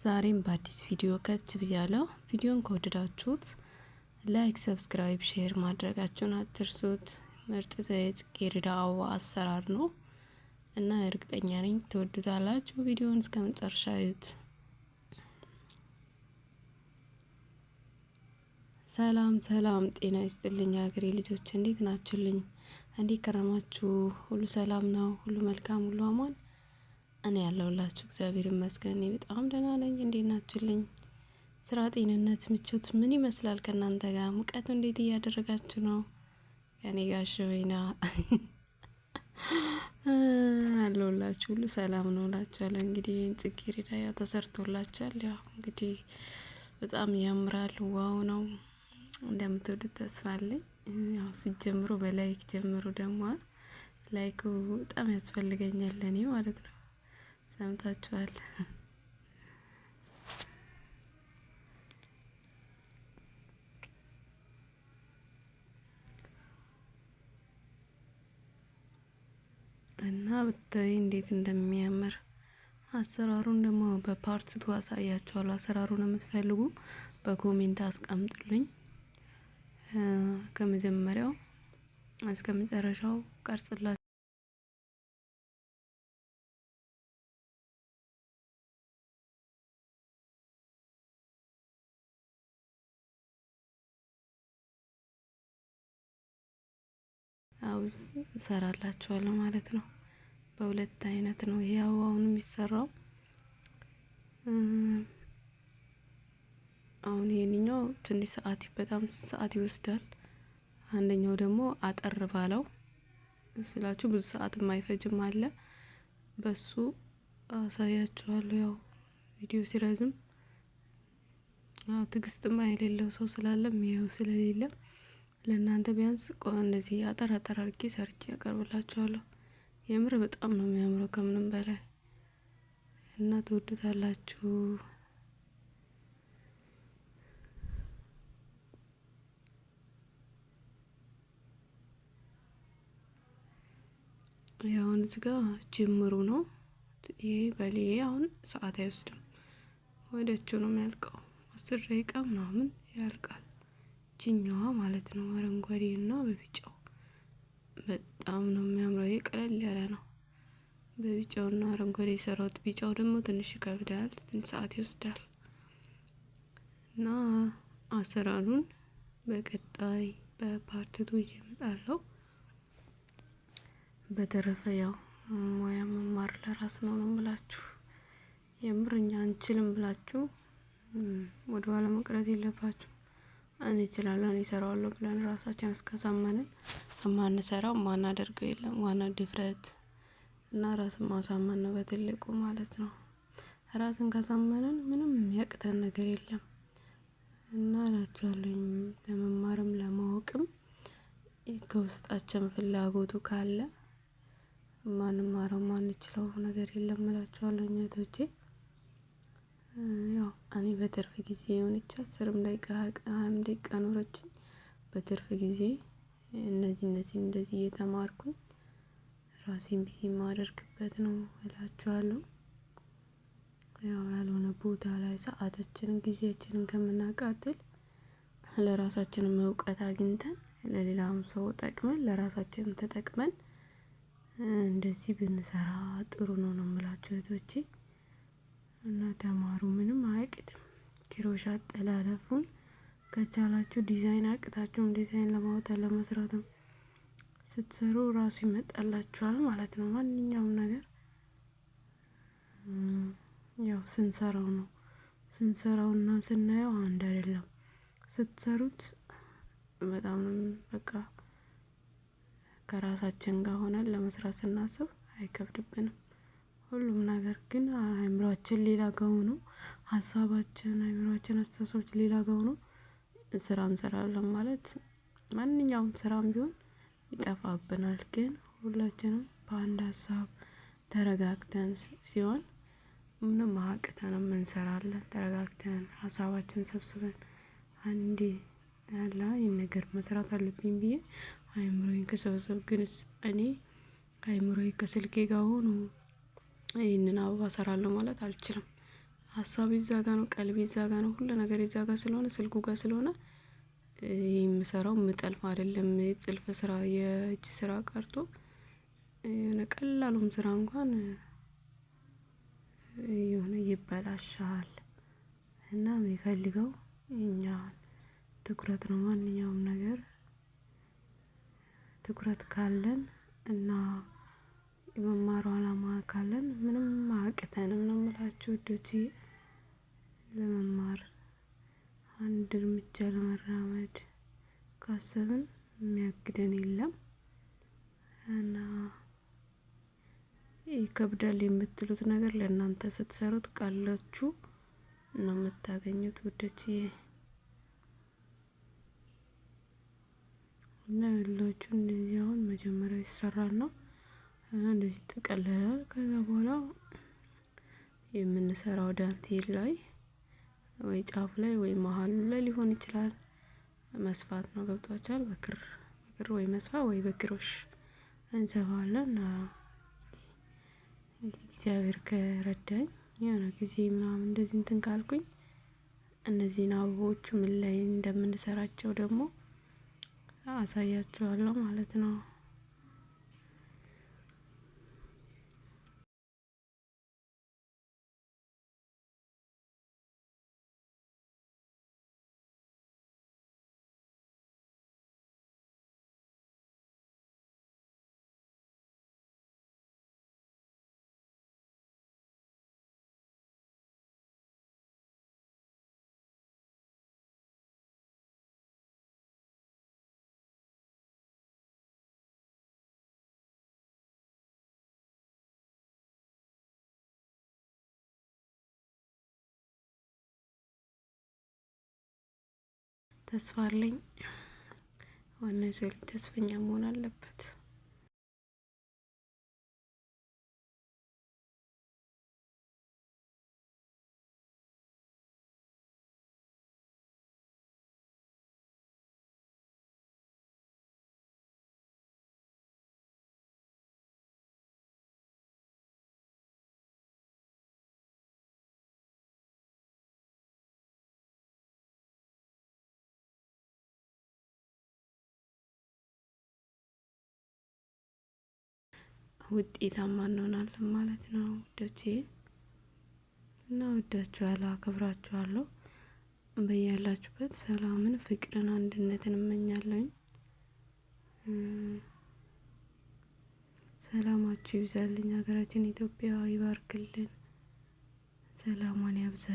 ዛሬም በአዲስ ቪዲዮ ከች ብያለሁ። ቪዲዮን ከወደዳችሁት ላይክ፣ ሰብስክራይብ፣ ሼር ማድረጋችሁን አትርሱት። ምርጥ የጽጌረዳ አበባ አሰራር ነው እና እርግጠኛ ነኝ ትወዱታላችሁ። ቪዲዮን እስከ መጨረሻ እዩት። ሰላም ሰላም፣ ጤና ይስጥልኝ ሀገሬ ልጆች፣ እንዴት ናችሁልኝ? እንዴት ከረማችሁ? ሁሉ ሰላም ነው? ሁሉ መልካም፣ ሁሉ አማን እኔ ያለሁላችሁ እግዚአብሔር ይመስገን በጣም ደህና ነኝ። እንዴት ናችሁልኝ? ስራ፣ ጤንነት፣ ምቾት ምን ይመስላል ከእናንተ ጋር? ሙቀቱ እንዴት እያደረጋችሁ ነው? ከኔ ጋሽ ወይና አለሁላችሁ። ሁሉ ሰላም ነው እላችኋለሁ። እንግዲህ ጽጌረዳ ያው ተሰርቶላችኋል። ያው እንግዲህ በጣም ያምራል። ዋው ነው እንደምትወዱት ተስፋ አለኝ። ያው ሲጀምሩ በላይክ ጀምሩ። ደግሞ ላይክ በጣም ያስፈልገኛል ለእኔ ማለት ነው ሰምታችኋል። እና ብታይ እንዴት እንደሚያምር አሰራሩን ደግሞ በፓርት ቱ አሳያችኋለሁ። አሰራሩን የምትፈልጉ በኮሜንት አስቀምጡልኝ። ከመጀመሪያው እስከ መጨረሻው ቀርጽላችሁ አውዝ እሰራላችኋለሁ ማለት ነው። በሁለት አይነት ነው ይሄ አሁን የሚሰራው። አሁን ይህንኛው ትንሽ ሰዓት በጣም ሰዓት ይወስዳል። አንደኛው ደግሞ አጠር ባለው ስላችሁ ብዙ ሰዓት የማይፈጅም አለ። በሱ አሳያችኋለሁ። ያው ቪዲዮ ሲረዝም ትዕግስትማ የሌለው ሰው ስላለ ይኸው ስለሌለም ለእናንተ ቢያንስ እንደዚህ አጠር አጠር አድርጌ ሰርቼ ያቀርብላችኋለሁ። የምር በጣም ነው የሚያምረው ከምንም በላይ እና ትወዱታላችሁ። የአሁን እዚህ ጋ ጅምሩ ነው ይሄ በልዬ አሁን ሰዓት አይወስድም። ወደችው ነው የሚያልቀው አስር ደቂቃ ምናምን ያልቃል። ይችኛዋ ማለት ነው። አረንጓዴ እና በቢጫው በጣም ነው የሚያምረው። ይሄ ቀለል ያለ ነው። በቢጫው እና አረንጓዴ የሰራሁት ቢጫው ደግሞ ትንሽ ይከብዳል፣ ትንሽ ሰዓት ይወስዳል እና አሰራሩን በቀጣይ በፓርቲቱ እየመጣለው። በተረፈ ያው ሙያ መማር ለራስ ነው ነው ብላችሁ የምር እኛ አንችልም ብላችሁ ወደኋላ መቅረት የለባችሁ። እኔ እችላለሁ እኔ እሰራዋለሁ ብለን ራሳችን እስካሳመንን የማንሰራው ማናደርገው የለም። ዋና ድፍረት እና ራስን ማሳመን ነው በትልቁ ማለት ነው። ራስን ካሳመንን ምንም የሚያቅተን ነገር የለም። እና እላችኋለሁኝ ለመማርም ለማወቅም ከውስጣችን ፍላጎቱ ካለ ማንማረው ማንችለው ነገር የለም እላችኋለሁ እህቶቼ እኔ በትርፍ ጊዜ የሆነች አስርም ደቂቃ ሀያም ደቂቃ ኖረችኝ። በትርፍ ጊዜ እነዚህ እነዚህ እንደዚህ እየተማርኩኝ ራሴን ቢዚ የማደርግበት ነው እላችኋለሁ። ያው ያልሆነ ቦታ ላይ ሰዓታችንን ጊዜያችንን ከምናቃጥል ለራሳችንም እውቀት አግኝተን ለሌላም ሰው ጠቅመን ለራሳችንም ተጠቅመን እንደዚህ ብንሰራ ጥሩ ነው ነው የምላችሁ እህቶቼ። እና ተማሩ። ምንም አያቅትም። ኪሮሽ አጠላለፉን ከቻላችሁ ዲዛይን አቅታችሁም ዲዛይን ለማውጣት ለመስራትም ስትሰሩ ራሱ ይመጣላችኋል ማለት ነው። ማንኛውም ነገር ያው ስንሰራው ነው ስንሰራው እና ስናየው አንድ አይደለም። ስትሰሩት በጣም በቃ ከራሳችን ጋር ሆነን ለመስራት ስናስብ አይከብድብንም። ሁሉም ነገር ግን አይምሯችን ሌላ ጋር ነው። ሀሳባችን አይምሯችን አስተሳሰቦች ሌላ ጋር ነው። ስራ እንሰራለን ማለት ማንኛውም ስራም ቢሆን ይጠፋብናል። ግን ሁላችንም በአንድ ሀሳብ ተረጋግተን ሲሆን ምንም አያቅተንም እንሰራለን ተረጋግተን ሀሳባችን ሰብስበን አንዴ አላ ይህን ነገር መስራት አለብኝ ብዬ አይምሮዬን ከሰበሰብኩ ግን እኔ አይምሮዬ ከስልኬ ጋር ሆኖ ይህንን አበባ ሰራለሁ ማለት አልችልም። ሀሳብ እዛ ጋ ነው፣ ቀልቢ እዛ ጋ ነው፣ ሁሉ ነገር እዛ ጋ ስለሆነ ስልኩ ጋ ስለሆነ ይህ የምሰራው ምጠልፍ አይደለም። የጥልፍ ስራ የእጅ ስራ ቀርቶ የሆነ ቀላሉም ስራ እንኳን የሆነ ይበላሻል እና የሚፈልገው እኛን ትኩረት ነው። ማንኛውም ነገር ትኩረት ካለን እና የመማሩ አላማ ካለን ምንም አቅተንም ነው የምላችሁ ውዶቼ። ለመማር አንድ እርምጃ ለመራመድ ካሰብን የሚያግደን የለም እና ይከብዳል የምትሉት ነገር ለእናንተ ስትሰሩት ቃላችሁ ነው የምታገኙት ውዶቼ። እና ያላችሁ እንደዚህ አሁን ይሰራል ነው እንደዚህ ተቀለለ። ከዛ በኋላ የምንሰራው ዳንቴል ላይ ወይ ጫፍ ላይ ወይ መሀሉ ላይ ሊሆን ይችላል መስፋት ነው። ገብቷቸዋል። በክር በክር ወይ መስፋ ወይ በክሮሽ እንሰፋለን። እግዚአብሔር ከረዳኝ የሆነ ጊዜ ምናምን እንደዚህ እንትን ካልኩኝ እነዚህን አበቦቹ ምን ላይ እንደምንሰራቸው ደግሞ አሳያቸዋለሁ ማለት ነው። ተስፋ አለኝ። ዋና የሰው ልጅ ተስፈኛ መሆን አለበት። ውጤታማ እንሆናለን ማለት ነው ውዶቼ። እና ወዳችኋለሁ፣ አከብራችኋለሁ። በያላችሁበት ሰላምን፣ ፍቅርን፣ አንድነትን እመኛለኝ። ሰላማችሁ ይብዛልኝ። ሀገራችን ኢትዮጵያ ይባርክልን፣ ሰላሟን ያብዛል።